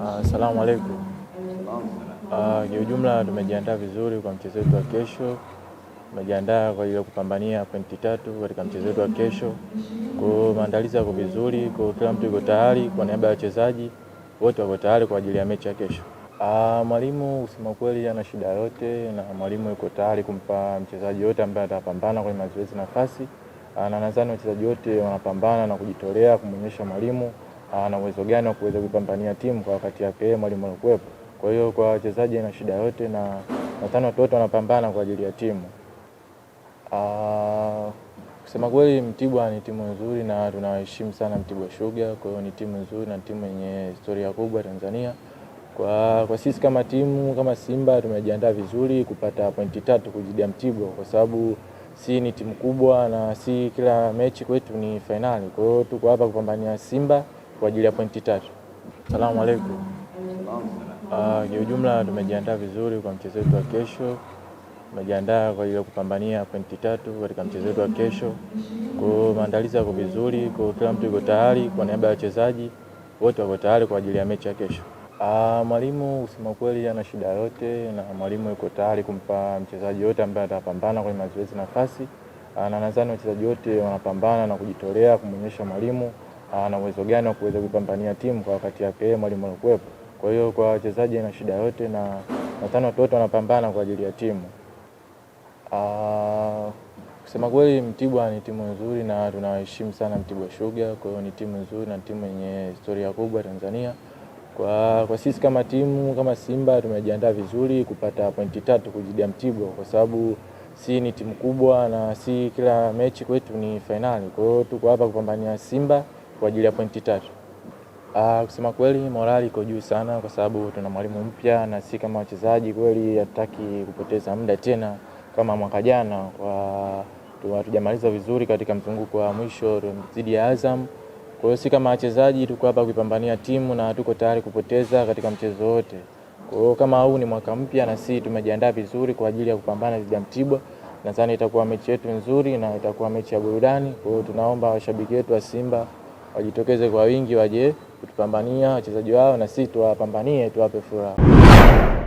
Asalamu ah, alaikum. Ah, kiujumla tumejiandaa vizuri kwa mchezo wetu wa kesho, tumejiandaa kwa ajili ya kupambania pointi tatu katika mchezo wetu wa kesho. Kwa maandalizi yako vizuri, kwa kila mtu yuko tayari, kwa niaba ya wachezaji wote wako tayari kwa ajili ya mechi ya kesho. Ah, mwalimu usema kweli ana shida yote na mwalimu yuko tayari kumpa mchezaji yote ambaye atapambana kwenye mazoezi nafasi, ah, na nadhani wachezaji wote wanapambana na kujitolea kumwonyesha mwalimu ana uwezo gani wa kuweza kuipambania timu kwa wakati yake yeye mwalimu alikuwepo. Kwa hiyo kwa wachezaji ina shida yote na nadhani watu wote wanapambana kwa ajili ya timu. Uh, kusema kweli Mtibwa ni timu nzuri na tunawaheshimu sana Mtibwa Sugar. Kwa hiyo ni timu nzuri na timu yenye historia kubwa Tanzania. Kwa, kwa sisi kama timu kama Simba tumejiandaa vizuri kupata pointi tatu kujidia Mtibwa kwa sababu si ni timu kubwa na si kila mechi kwetu ni fainali. Kwa hiyo tuko hapa kupambania Simba kwa ajili ya pointi tatu. Salamu alaikum. Ah, kiujumla, uh, tumejiandaa vizuri kwa mchezo wetu wa kesho. Tumejiandaa kwa ajili ya kupambania pointi tatu katika mchezo wetu wa kesho. Kwa maandalizi yako vizuri, kwa kila mtu yuko tayari, kwa niaba ya wachezaji wote wako tayari kwa ajili ya mechi ya kesho. Uh, mwalimu usema kweli ana shida yote na mwalimu yuko tayari kumpa mchezaji yote ambaye atapambana kwenye mazoezi nafasi, ah, na nadhani wachezaji wote wanapambana na kujitolea kumwonyesha mwalimu ana uwezo gani wa kuweza kuipambania timu kwa wakati yake yeye mwalimu alikuwepo. Kwa hiyo kwa wachezaji ina shida yote na nadhani watu wote wanapambana kwa ajili ya timu. Uh, kusema kweli Mtibwa ni timu nzuri na tunawaheshimu sana Mtibwa Sugar. Kwa hiyo ni timu nzuri na timu yenye historia kubwa Tanzania. Kwa, kwa sisi kama timu kama Simba tumejiandaa vizuri kupata pointi tatu kujidia Mtibwa kwa sababu si ni timu kubwa na si kila mechi kwetu ni fainali. Kwa hiyo tuko hapa kupambania Simba kwa ajili ya pointi tatu. Uh, kusema kweli morali iko juu sana kwa sababu tuna mwalimu mpya na si kama wachezaji kweli hatutaki kupoteza muda tena kama mwaka jana kwa hatujamaliza vizuri katika mzunguko wa mwisho dhidi ya Azam. Kwa hiyo si kama wachezaji tuko hapa kuipambania timu na tuko tayari kupoteza katika mchezo wote. Kwa hiyo kama huu ni mwaka mpya na si tumejiandaa vizuri kwa ajili ya kupambana dhidi ya Mtibwa, nadhani itakuwa mechi yetu nzuri na itakuwa mechi ya burudani. Kwa hiyo tunaomba washabiki wetu wa Simba wajitokeze kwa wingi, waje kutupambania wachezaji wao, na sisi tuwapambanie, tuwape furaha.